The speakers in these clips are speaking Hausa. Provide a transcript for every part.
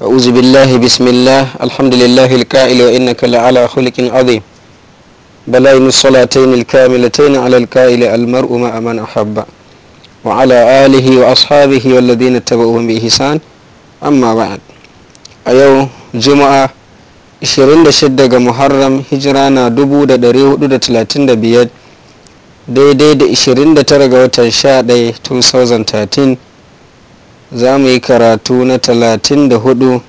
أعوذ بالله بسم الله الحمد لله الكائل وإنك لعلى خلق عظيم بلين الصلاتين الكاملتين على الكائل المرء مع من أحب وعلى آله وأصحابه والذين اتبعوهم بإحسان أما بعد أيو جمعة 26 ga Muharram hijira na 1435 daidai da 29 ga watan 11 2013 za mu yi karatu na 34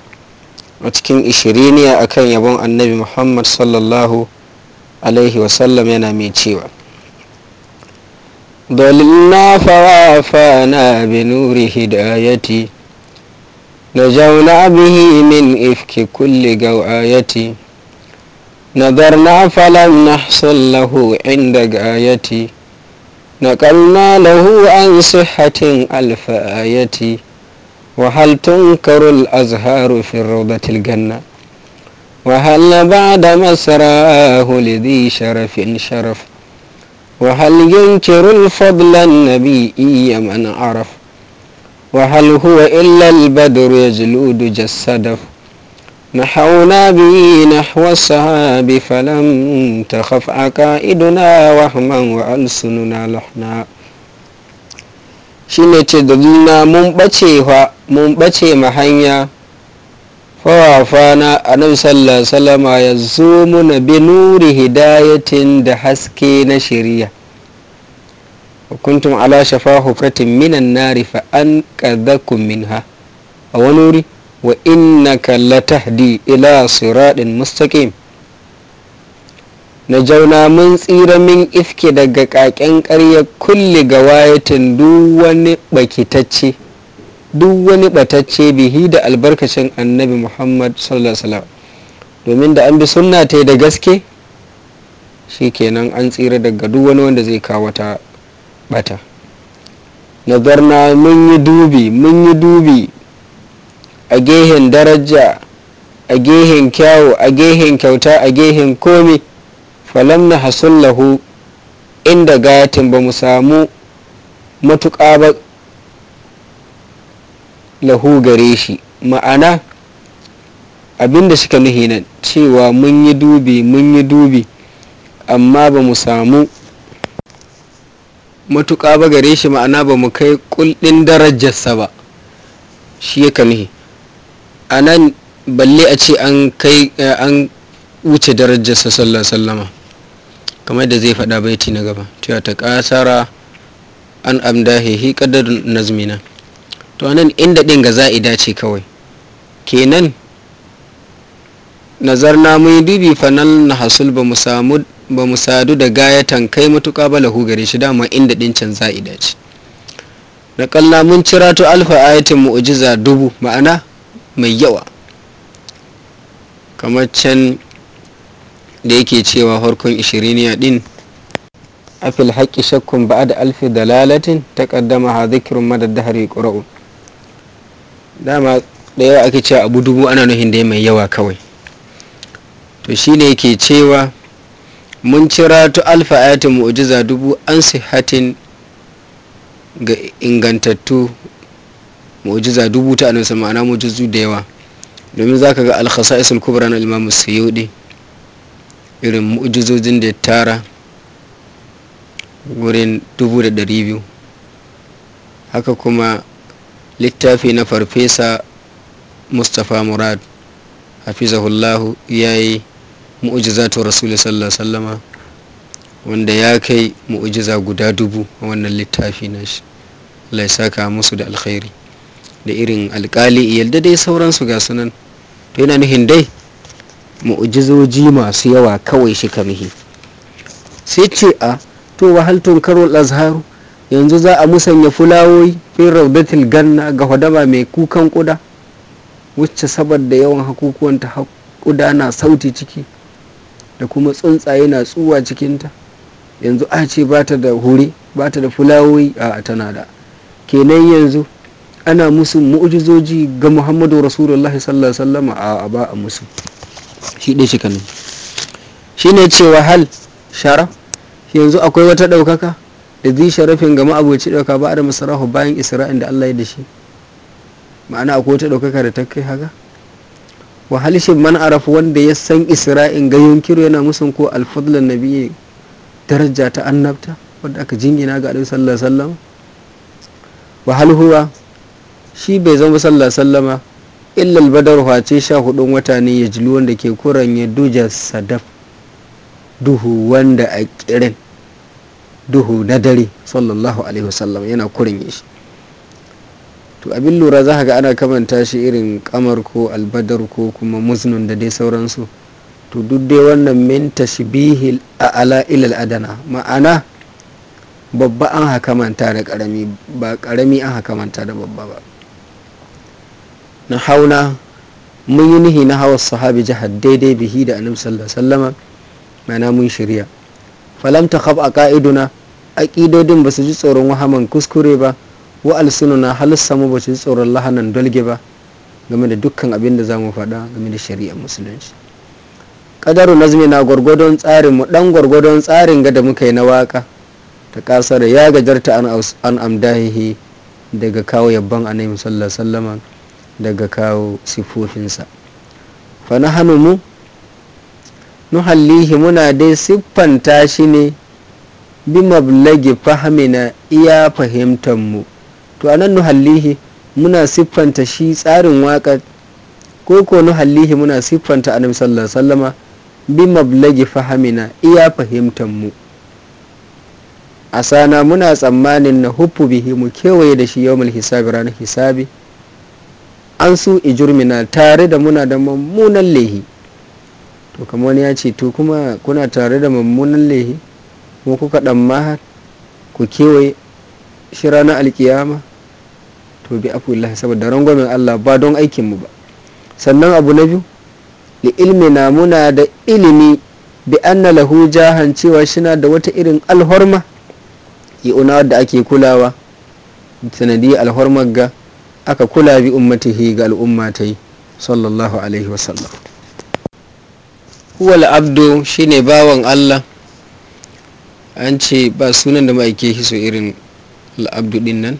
a cikin ishiriniya akan yabon annabi muhammad sallallahu alaihi wasallam yana mai cewa dalilna fawafa na binuri hidayati na jauna bihi min ifki kulli gawayati نظرنا نا فلم na له عند غايتي نقلنا له عن صحة ألف آيتي وهل تنكر الأزهار في الروضة الجنة وهل بعد مسراه لذي شرف شرف وهل ينكر الفضل النبي من عرف وهل هو إلا البدر يجلود جسده نحونا به نحو الصحاب فلم تخف عقائدنا وهما وألسننا لحنا shine ce da juna mun ɓace fa mun ɓace ma hanya fawafana annabi sallallahu salama ya zo muna bi nuri hidayatin da haske na shari'a hukuntun ala shafa hufratin minan nari fa an min minha a wani wuri wa innaka latahdi ila siratin mustaqim najauna mun tsira mun ifke daga kaken ƙarya kulle ga wayatin duk wani batacce bihi da albarkacin annabi muhammad sallallahu alaihi domin da an bi sunna ta da gaske shikenan an tsira daga duk wani wanda zai kawo ta bata nazarna mun yi dubi mun yi dubi a gehen daraja a gehen kyawu a gehen kyauta a gehen komi falam na hasullahu inda gayatin ba mu samu matuƙa ba lahu gare shi ma'ana abinda suka nuhi nan cewa mun yi dubi mun yi dubi amma ba mu samu matuƙa ba gare shi ma'ana ba mu kai kullin darajarsa ba shi ya nuhi a nan balle a ce an eh, wuce darajarsa sallallahu sallama kamar da zai faɗa baiti na gaba cewa ta ƙasara an amdahihi ƙaddarun nazmina to nan inda ɗin ga za'ida ce kawai kenan nazarna mu yi dubi fanal na hasul ba mu sadu da gayatan kai matuƙa ba lahu gare shi dama inda ɗin can za'ida ce na ƙalla mun cira to alfa ayatin mu'ujiza dubu ma'ana mai yawa kamar can da yake cewa farkon ishiriniya din a haƙƙi shakkun ba da alfi dalalatin ta ƙaddama ha zikirun madad hari ƙura'u dama da yawa ake cewa abu dubu ana nuhin da mai yawa kawai to shi shine yake cewa mun cira ta alfa ayatun mu'ujiza dubu an sihatin ga ingantattu mu'ujiza dubu ta annabi ma'ana mu'jizu da yawa domin za ka ga alkhasa isul kubra na Imam Suyudi irin mu'jizojin da ya tara wurin dubu da ɗari biyu haka kuma littafi na farfesa mustapha murad hafizahullahu ya yi ta rasulun sallallahu wanda ya kai mu'ujiza guda dubu a wannan littafi na shi Allah ya saka musu da alkhairi da irin alkali da dai sauransu ga sunan to yana nuhin dai mu'ujizoji masu yawa kawai shi kamhi sai ce a to wahaltun karo azharu yanzu za a musanya fulawoyi fi raudatil ganna ga hadama mai kukan kuda wacce saboda yawan hakukuwanta kuda na sauti ciki da kuma tsuntsaye na tsuwa cikinta yanzu a ce ba ta da hure ba ta da fulawoyi a tana da kenan yanzu ana musu mu'jizoji ga muhammadu rasulullahi sallallahu alaihi wasallam a ba a musu shi shi kanin shi ne cewa hal sharaf yanzu akwai wata ɗaukaka da zai sharafin ga ma'aboci ɗauka ba da masarahu bayan isra'in da allah ya da shi ma'ana akwai wata ɗaukaka da ta kai haka wa shi man arafu wanda ya san isra'in ga yunkiru yana musun ko alfadlan nabi daraja ta annabta wadda aka jingina ga alaihi sallallahu alaihi wasallam wa huwa shi bai zama sallallahu alaihi wasallama illal badar face sha hudun wata ne ya jilu wanda ke kuran ya duja sadaf duhu wanda a kirin duhu na dare sallallahu alaihi wasallam yana kurin ya shi to abin lura za ga ana kamanta shi irin kamar ko albadar ko kuma musnun da dai sauransu to duk dai wannan minta shi bihi a ala ilal adana ma'ana babba an haka manta da karami ba karami an haka da babba ba na hauna mun yi nihi na hawa sahabi jihar daidai bihi da annabi sallallahu alaihi wasallama mana mun shirya falam ta khab aqaiduna aqidodin su ji tsoron wahaman kuskure ba wa alsununa halissa mu su ji tsoron lahanan dalge ba game da dukkan abin da zamu faɗa game da shari'ar musulunci kadaru nazmi na gwargwadon tsarin mu dan gwargwadon tsarin ga da muka yi na waka ta kasar ya gajarta an amdahihi daga kawo yabban annabi sallallahu alaihi wasallam daga kawo sifofinsa, fa na hannu mu nuhallihi muna dai siffanta shi ne bi mablagi fahimina iya fahimtar mu to anan nuhallihi muna siffanta shi tsarin waƙar ko ko nuhallihi muna siffanta anan sallallahu alaihi wasallama bi mablagi fahimina iya fahimtar mu A sana muna tsammanin na huppu bihi mu kewaye da shi yawmul hisabi ranar hisabi an su ijurmina tare da muna da mummunan lehi to kamar wani ya ce to kuma kuna tare da mummunan lehi kuma kuka dan mahar ku kewaye shi ranar alkiyama to bi illahi saboda rangwamen Allah ba don aikin mu ba sannan abu na biyu li ilmina muna da ilimi bi anna lahu jahan cewa shina da wata irin alhorma yi una da ake kulawa sanadi alhormar ga aka kula bi ummatihi ga al'ummatai sallallahu alaihi wasallam huwal abdu shine bawan allah an ce ba sunan da ma'aike shi so irin al'abdu din nan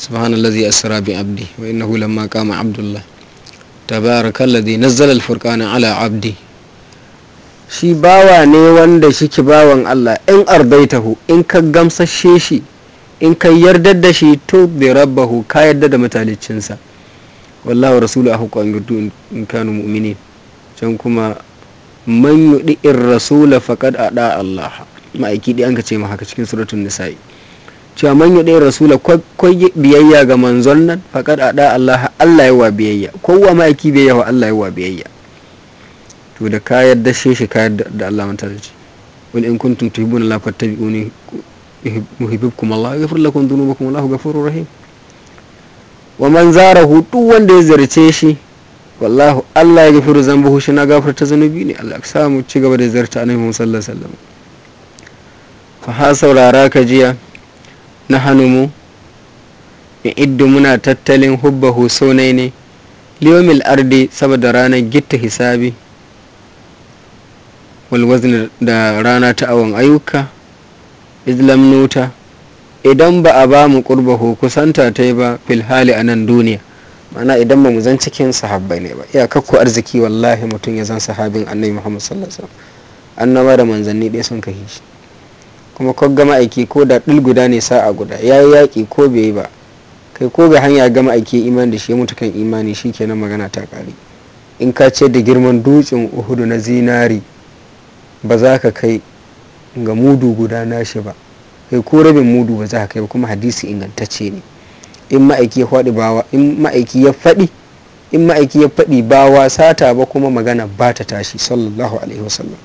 subhanallazi asra bi abdi wa innahu lamma kama abdullah tabarakallazi nazzala al-furqana ala abdi shi bawa ne wanda shi ki bawan Allah in ardaitahu in ka gamsashe shi in ka yardar da shi to bi rabbahu ka yarda da mutalicinsa wallahu rasulu ahu kwan gudu in kanu mu'minin can kuma man yudi'ir rasula faqad ada Allah ma'aiki dai an ka ce ma haka cikin suratul nisa'i cewa man yi in rasula kwai biyayya ga manzon nan faƙar a ɗa Allah Allah yawa biyayya kowa ma'aiki biyayya wa Allah yawa biyayya to da ka yarda shi shi ka yarda da Allah mutalici wani in kuntum tuhibuna la fattabi'uni yuhibbukum Allah yaghfir lakum dhunubakum ghafurur rahim wa man zarahu duk wanda ya zarce shi wallahu Allah ya gafiru zambuhu shi na gafarta zanubi ne Allah sa mu ci gaba da zarta annabi Muhammad sallallahu alaihi wasallam fa ha saurara ka jiya na hanumu in iddu muna tattalin hubbahu sonai ne liyomil ardi saboda ranar gitta hisabi walwazin da rana ta awon ayyuka islam idan ba a ba mu ko kusanta ta yi ba filhali a nan duniya mana idan ba mu zan cikin sahabbai ne ba iyakar ku arziki wallahi mutum ya zan sahabin annabi muhammad sallallahu alaihi wasallam annaba da manzanni ɗaya sun kahi shi kuma ko gama aiki ko da ɗil guda ne sa'a guda yayi yaki ko bai yi ba kai ko ga hanya gama aiki iman da shi mutu kan imani shi kenan magana ta ƙari. in ka ce da girman dutsen uhudu na zinari ba za ka kai ga mudu guda nashi ba kai ko rabin mudu ba za ka kai ba kuma hadisi ingantacce ne in ma'aiki ya faɗi bawa in ma'aiki ya faɗi in ma'aiki ya faɗi ba wasata ba kuma magana ba ta tashi sallallahu alaihi wasallam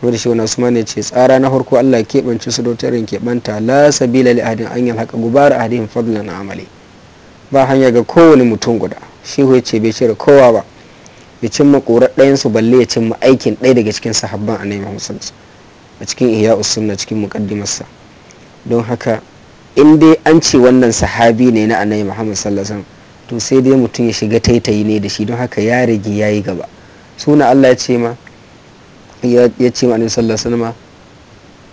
kuma da shi wani usman ne ce tsara na farko Allah ya keɓance su dautarin keɓanta la sabila li ahadin an yal haka gubara ahadin na amali ba hanya ga kowane mutum guda shi ya ce bai cire kowa ba ya cimma ƙorar ɗayansu balle ya cimma aikin ɗaya daga cikin sahabban annabi Muhammad sallallahu a cikin iya sunna cikin mukaddimarsa don haka in dai an ce wannan sahabi ne na annabi muhammad sallallahu alaihi to sai dai mutum ya shiga taitayi ne da shi don haka ya rage ya yi gaba suna allah ya ce ma ya ce ma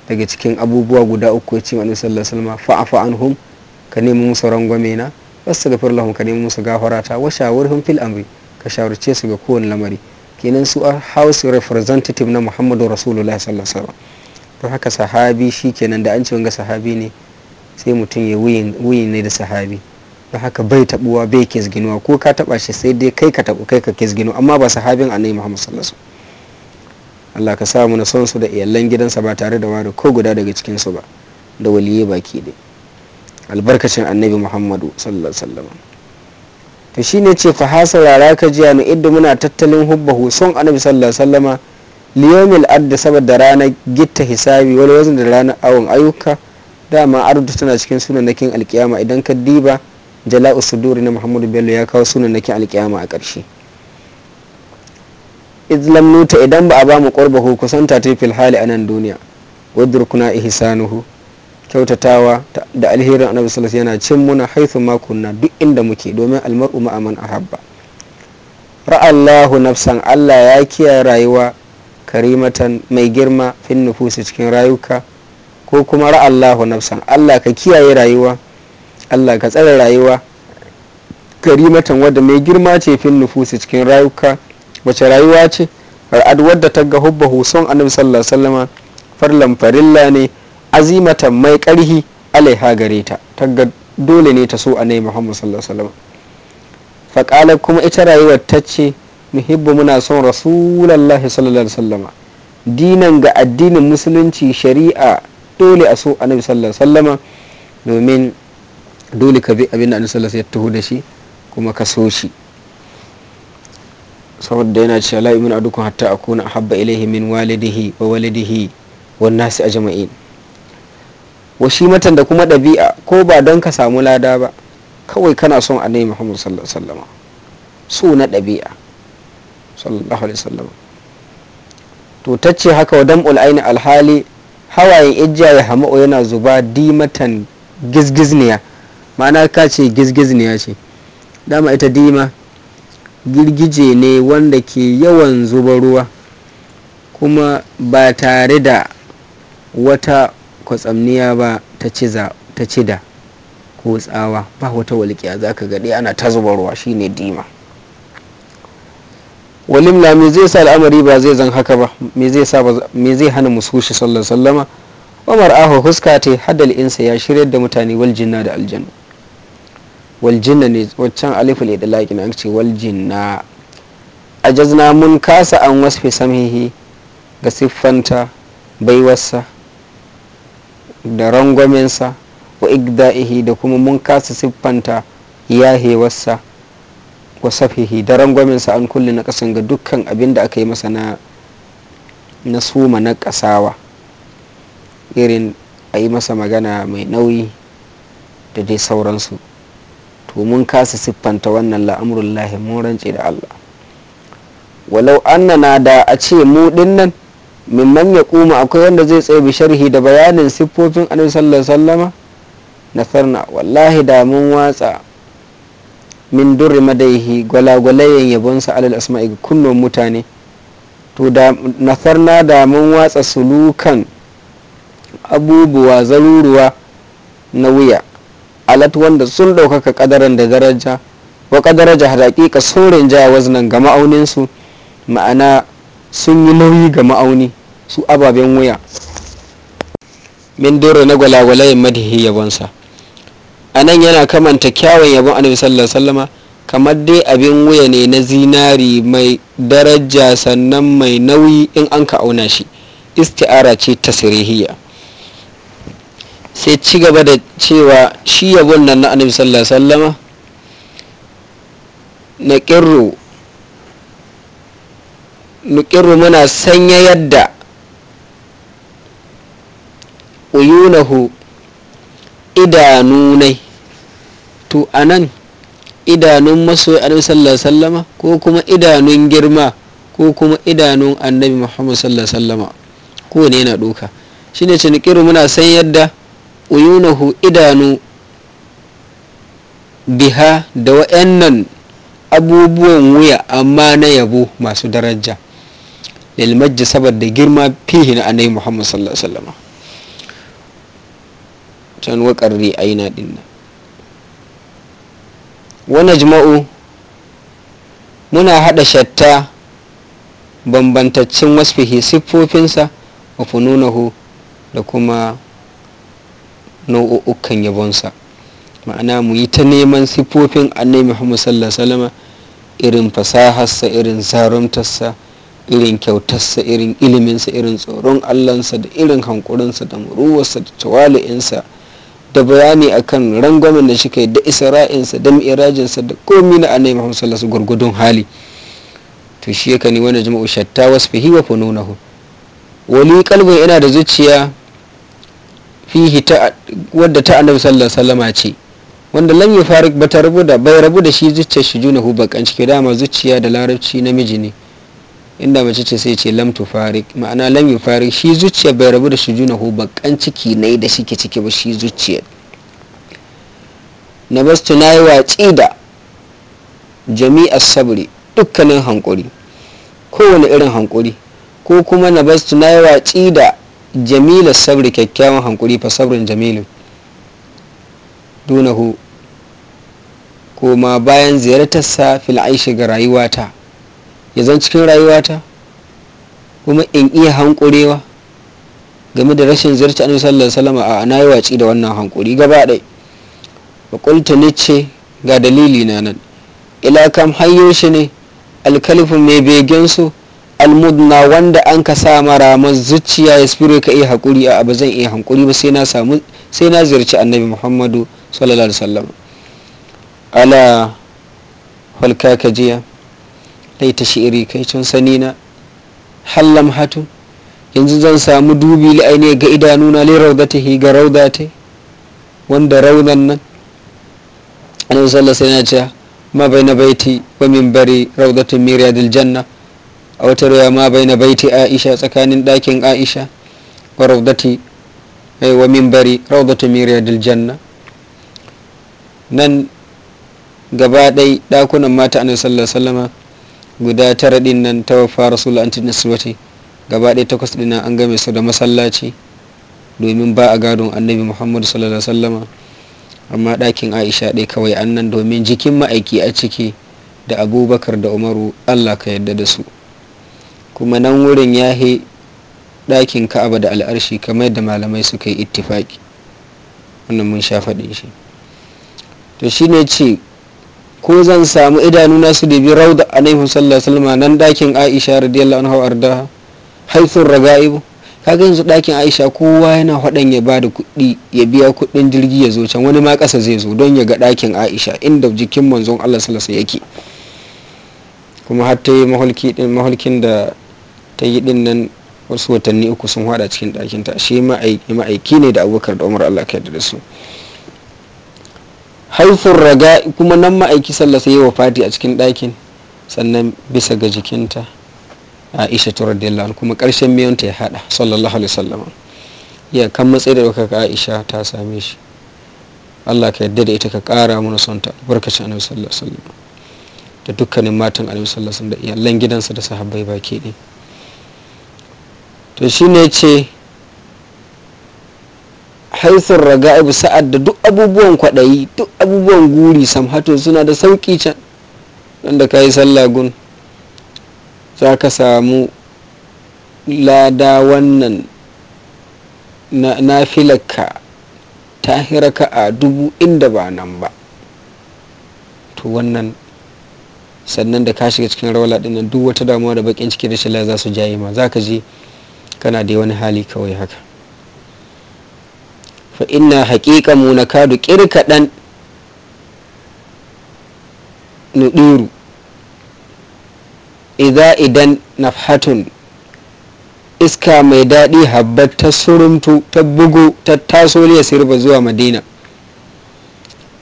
daga cikin abubuwa guda uku ya ce ma annabi sallallahu alaihi wasallam fa'afa anhum ka nemi musu rangwame na wasu gafar ka nemi musu gafarata wa shawurhum fil amri ka shawarce su ga kowane lamari kenan su house representative na muhammadu rasulullah sallallahu alaihi haka sahabi shi kenan da an ce wanga sahabi ne sai mutum ya wuyi ne da sahabi don haka bai tabuwa bai kisginuwa ko ka taba shi sai dai kai ka tabu kai ka kisgino amma ba sahabin annabi muhammad sallallahu Allah ka samu na son su da iyalan gidansa ba tare da ware ko guda daga cikinsu ba da waliye baki dai albarkacin annabi muhammadu sallallahu alaihi wasallam to ne ce fa hasarara ka jiya na idda muna tattalin hubbahu son annabi sallallahu alaihi wasallama liyomil adda saboda ranar gitta hisabi wani wazin da ranar awon ayyuka dama ardu tana cikin sunan sunannakin alkiyama idan ka diba jala'u suduri na muhammadu bello ya kawo sunan sunannakin alkiyama a ƙarshe islam nuta idan ba a ba mu ƙorbahu kusanta ta fil hali a nan duniya wadurkuna ihsanuhu kyautatawa da alherin annabi sallallahu yana cin muna haithu kunna duk inda muke domin almar'u ma aman ahabba ra'allahu nafsan Allah ya kiyaye rayuwa karimatan mai girma fin nufusi cikin rayuka ko kuma ra'allahu nafsan Allah ka kiyaye rayuwa Allah ka tsare rayuwa karimatan wadda mai girma ce fin nufusi cikin rayuka wace rayuwa ce ra'ad wadda ta ga hubbahu son annabi sallallahu alaihi wasallama farlan farilla ne azimata mai karhi alaiha gare ta tagga dole ne ta so annabi muhammad sallallahu alaihi wasallam faƙalar kuma ita rayuwar ta ce muhibbu muna son rasulallahi sallallahu alaihi wasallama dinan ga addinin musulunci shari'a dole a so annabi sallallahu alaihi wasallama domin dole ka bi abin da annabi sallallahu alaihi ya taho da shi kuma ka so shi saboda yana cewa la yu'minu ahadukum hatta akuna ahabba ilayhi min walidihi wa walidihi wan nasi ajma'in washimatan da kuma ɗabi'a ko ba don ka samu lada ba kawai kana son annabi muhammadu sallallahu alaihi so na ɗabi'a sallallahu alaihi wasallam to tacce haka wa dam'ul aini alhali hawayen ijja ya hama'u yana zuba dimatan gizgizniya ma'ana ka ce gizgizniya ce dama ita dima girgije ne wanda ke yawan zuba ruwa kuma ba tare da wata kwatsamniya ba ta ci da ko tsawa ba wata walƙiya za ka gaɗe ana ta zubarwa ruwa shine dima walim na me zai sa al'amari ba zai zan haka ba me zai hana hana musushi sallama umar aho huska ta hadal insa ya shirya da mutane wal jinna da aljanna wal jinna ne waccan da laƙi an ce wal jinna jazna mun kasa an wasfi samhihi ga siffanta baiwarsa da rangwamensa wa igda'ihi da kuma mun kasa siffanta yahewarsa wa safihi da rangwamensa an kulle na kasan ga dukkan abin da aka yi masa na na suma na kasawa irin a yi masa magana mai nauyi da dai sauransu to mun kasa siffanta wannan lahi mun rance da Allah walau annana da a ce mu dinnan man ya kuma akwai wanda zai tsaye sharhi da bayanin siffofin annabi sallallahu alaihi wasallama farna wallahi da mun watsa min durri madaihi gwalagwalayen yabonsa alal asma'i kunnon mutane to da nasarna da mun watsa sulukan abubuwa zaruruwa na wuya alat wanda sun ɗaukaka kadaran da daraja wa kadaraja haƙiƙa sun rinjaya waznan ga ma'auninsu ma'ana sun yi nauyi ga ma'auni su ababen wuya min doro na yin madihi yabonsa a nan yana kamanta kyawun yabon annabi sallallahu alaihi wasallama kamar dai abin wuya ne na zinari mai daraja sannan mai nauyi in an ka auna shi isti'ara ce ta sirihiyya sai ci gaba da cewa shi yabon nan na annabi sallallahu alaihi wasallama na kirro nuƙiru muna sanya yadda uyunahu idanunai to a nan idanun masoyi annabi sallallahu alaihi wasallama ko kuma idanun girma ko kuma idanun annabi muhammad sallallahu alaihi wasallama ko ne yana doka shine ce nuƙiru muna san yadda uyunahu idanu biha da wa'annan abubuwan wuya amma na yabo masu daraja lil majji saboda girma fihi na annabi muhammad sallallahu alaihi wasallam can waƙarri aina din nan wani jima'u muna haɗa shatta bambantaccen wasfihi siffofinsa wa fununahu da kuma nau'ukan yabonsa ma'ana mu yi ta neman siffofin annabi muhammad sallallahu alaihi irin fasaharsa irin sarumtarsa irin kyautarsa irin iliminsa irin tsoron allansa da irin hankurinsa da muruwarsa da tawali'insa da bayani akan rangwamen da shi da isra'insa da mirajinsa da komi na annabi muhammad sallallahu gurgudun hali to shi yake ne wanda jama'u shatta wasfihi wa fununahu Wani kalbin yana da zuciya fihi ta wadda ta annabi sallallahu alaihi wasallama ce wanda lam yufarik bata rabu da bai rabu da shi zuciyar shi junahu bakan cike dama zuciya da larabci namiji ne inda mace ce sai ce lam farik ma'ana lam farik shi zuciya bai rabu da ko bakan ciki ne da shike ciki ba shi zuciya na bastu nayi watsi da jami'a sabri dukkanin hankuri kowane irin hankuri ko kuma na bastu nayi watsi da jamila sabri kyakkyawan hankuri fa sabrin jamilin dunahu koma bayan ziyartarsa fil aishi ga rayuwata ya zan cikin rayuwata kuma in iya hankurewa game da rashin zarta annabi sallallahu alaihi wasallam a na yi watsi da wannan hankuri gaba ɗai wa nice ga dalili na nan ila kam hayyo shi ne alkalifin mai begen su almudna wanda an ka sa mara zuciya ya spiro ka iya hakuri a abu zan iya hankuri ba sai na samu ziyarci annabi muhammadu sallallahu alaihi wasallam ala falka kajiya laita shi'iri kai cin sani na hallam hatu yanzu zan samu dubi la'aini ga idanuna li raudatihi ga raudata wanda raudan nan annabi sallallahu alaihi wasallam ma baina baiti wa minbari raudatu min riyadil janna a wata riwaya ma baina baiti aisha tsakanin dakin aisha wa raudati eh, wa minbari raudatu min riyadil janna nan gaba ɗai ɗakunan mata annabi sallallahu alaihi wasallam guda tara din nan ta fara rasul an su wata gaba ɗaya takwas din an game su da masallaci domin ba a gadon annabi muhammadu sallallahu alaihi wasallama amma ɗakin aisha ɗaya kawai an nan domin jikin ma'aiki a ciki da abubakar da umaru allah ka yadda da su kuma nan wurin ya he ɗakin ka'aba da al'arshi kamar da malamai suka yi ittifaki wannan mun sha faɗin shi to shine ce ko zan samu idanu nasu su bi rauda a sallallahu alaihi wasallam nan dakin Aisha radiyallahu anha arda haifin ragaibu kaga yanzu dakin Aisha kowa yana hadan ya bada kuɗi ya biya kuɗin jirgi ya zo can wani ma ƙasa zai zo don ya ga dakin Aisha inda jikin manzon Allah sallallahu alaihi yake kuma har ta yi mahulkin da ta yi din nan wasu watanni uku sun hada cikin ɗakinta shi ma'aiki ne da abubakar da umar allah ka yarda da su haifin raga kuma nan ma'aiki sallasa yi wa fati a cikin ɗakin sannan bisa ga jikinta aisha ta radiyallahu kuma ƙarshen ta ya haɗa sallallahu alaihi wasallam ya kan matsayi da ɗaukaka aisha ta same shi allah ka yadda da ita ka ƙara mana son ta albarkacin annabi sallallahu alaihi da dukkanin matan annabi sallallahu alaihi da iyalan gidansa da sahabbai baki ɗaya to shine ce raga raga'ibu sa'ad da duk abubuwan kwaɗayi duk abubuwan guri samhato suna da sauƙi can wanda ka yi gun za ka samu lada wannan na filaka ta hiraka a dubu inda ba nan ba to wannan sannan da ka shiga cikin rawala ɗin duk wata damuwa da bakin ciki da shila za su jayi ma za ka je kana da wani hali kawai haka fa ina haƙiƙa mu na kadu ƙir kaɗan nuɗuru idan idan nafhatun iska mai daɗi habbar ta surumtu ta bugu ta taso ne sirba zuwa madina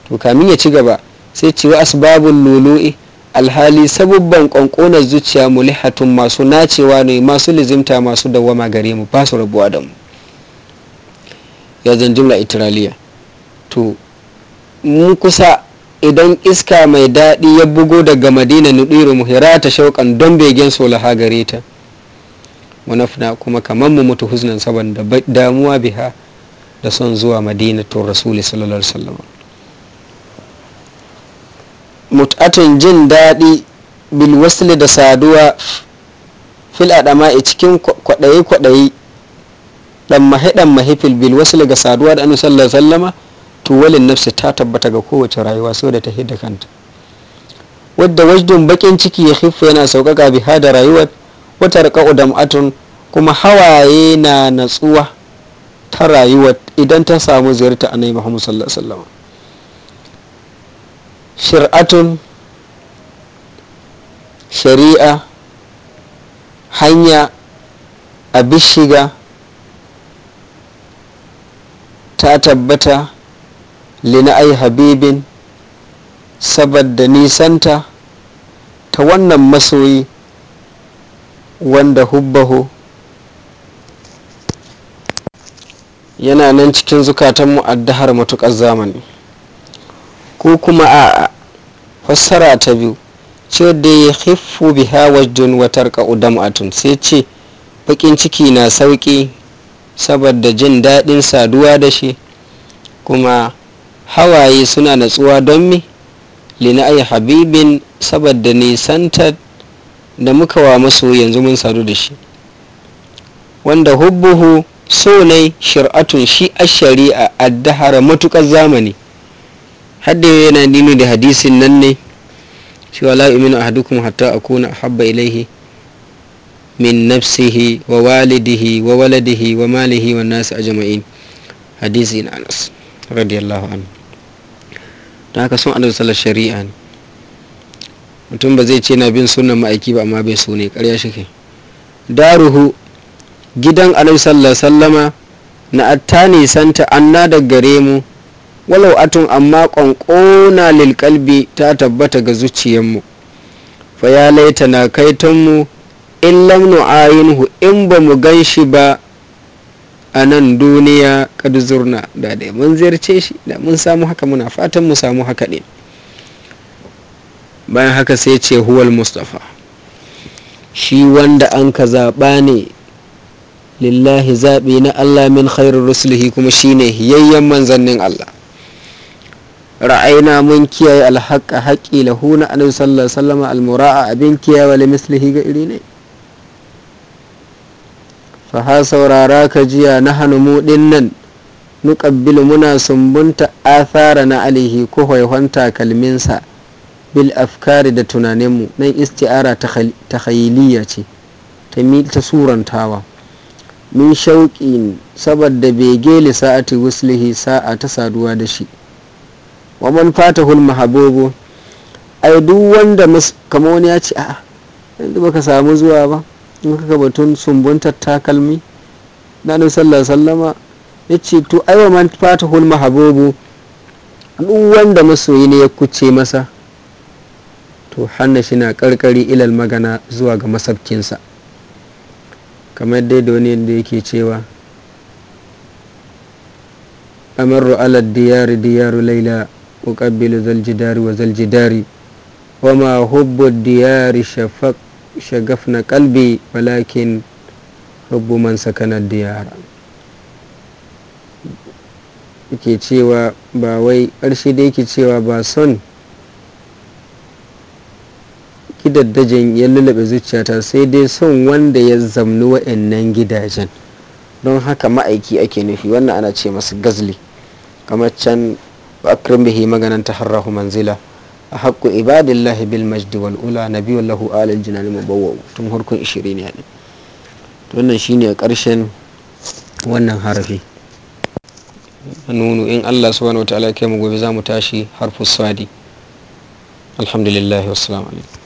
to kamin ya ci gaba sai cewa asibabin lulu'i alhali sabubban ƙwanƙonar zuciya mulihatun masu nacewa ne masu lizimta masu dawwama gare mu ba su rabuwa da mu ya zan jumla to mu kusa idan iska mai daɗi ya bugo daga madina nudiru muhirata shauƙan don begen solaha gare ta munafna kuma kamar mu mutu huznan saboda damuwa biha da son zuwa madina to rasuli sallallahu alaihi wasallam mut'atun jin daɗi bil da saduwa fil adama cikin kwaɗayi kwaɗayi ɗammahe ɗammahe filbil wasu daga saduwa da annabi sallallahu alaihi wasallama to walin nafsi ta tabbata ga kowace rayuwa sau da ta hidda kanta wadda wajdun bakin ciki ya hiffa yana sauƙaƙa bi hada rayuwar wata da dam'atun kuma hawaye na natsuwa ta rayuwa idan ta samu ziyarta annabi muhammad sallallahu alaihi wasallama shir'atun shari'a hanya abin shiga ta tabbata lina'ai habibin saboda nisanta ta wannan masoyi wanda hubbahu yana nan cikin zukatan mu'addahar matuƙar zamani ko kuma a fassara ta biyu ce da ya hiffu biha wajen watar ka'udamatun sai ce bakin ciki na sauƙi saboda jin daɗin saduwa da shi kuma hawaye suna natsuwa don mi Lina ai habibin saboda nisantar da muka wa masu yanzu mun sadu da shi wanda hubbuhu so ne shir'atun shi a shari'a addahara matukar zamani hadda yana nini da hadisin nan ne cewa la ahadukum hatta akuna ahabba ilaihi min nafsihi wa walidihi wa waladihi wa malihi wa nasi ajma'in hadisi na anas radiyallahu an ta haka sun annabi sallar shari'a ne mutum ba zai ce na bin sunan ma'aiki ba amma bai so ne ƙarya ke. daruhu gidan annabi sallar sallama na atta nisanta anna da gare mu walau atun amma ƙwanƙona lilƙalbi ta tabbata ga zuciyarmu fa ya laita na kaitonmu in lamnu ayinhu in ba mu gan shi ba a nan duniya kad zurna da dai mun ziyarce shi da mun samu haka muna fatan mu samu haka ne bayan haka sai ce huwal mustafa shi wanda an ka zaɓa ne lillahi zaɓi na allah min khairun rusulihi kuma shine hiyayyen manzannin allah ra'ayina mun kiyaye alhaƙa haƙƙi lahu na annabi sallallahu alaihi wasallam almura'a abin kiyaye wa mislihi ga iri ne fa ha saurara ka jiya na hannu mu nan? muna sumbunta athara na alihi ko haihon takalminsa bil afkari da tunaninmu nan isti'ara ta hailiya ce ta ta surantawa min shauƙin saboda bege li sa'ati wuslihi sa'a ta saduwa da shi wa man hulma mahabubu ai duk wanda kamar wani ya ce a'a yanzu baka samu zuwa ba in kaga batun sumbuntar takalmi na nabi sallallahu sallama ya ce to aiwa man hul mahabubu duk wanda masoyi ne ya kuce masa to hanna shi na karkari ilal magana zuwa ga masabkinsa kamar yadda da wani yadda yake cewa amar ala diyari diyaru laila uqabbilu zaljidari wa zaljidari wa ma hubbu diyari shafaq شغفنا قلبي ولكن حب من سكن الديار yake cewa ba wai ƙarshe da yake cewa ba son gidaddajen ya zuciya zuciyata sai dai son wanda ya zamni wa'annan gidajen don haka ma'aiki ake nufi wannan ana ce masu gazli kamar can akwai magana ta harrahu manzila أحق عباد الله بالمجد والأولى نبي له آل الجنان مبوء tun harkun 20 ne din wannan shine a ƙarshen wannan harafi nunu in Allah su wani wata alaƙe mu gobe za mu tashi harfu sadi alhamdulillah wassalamu alaikum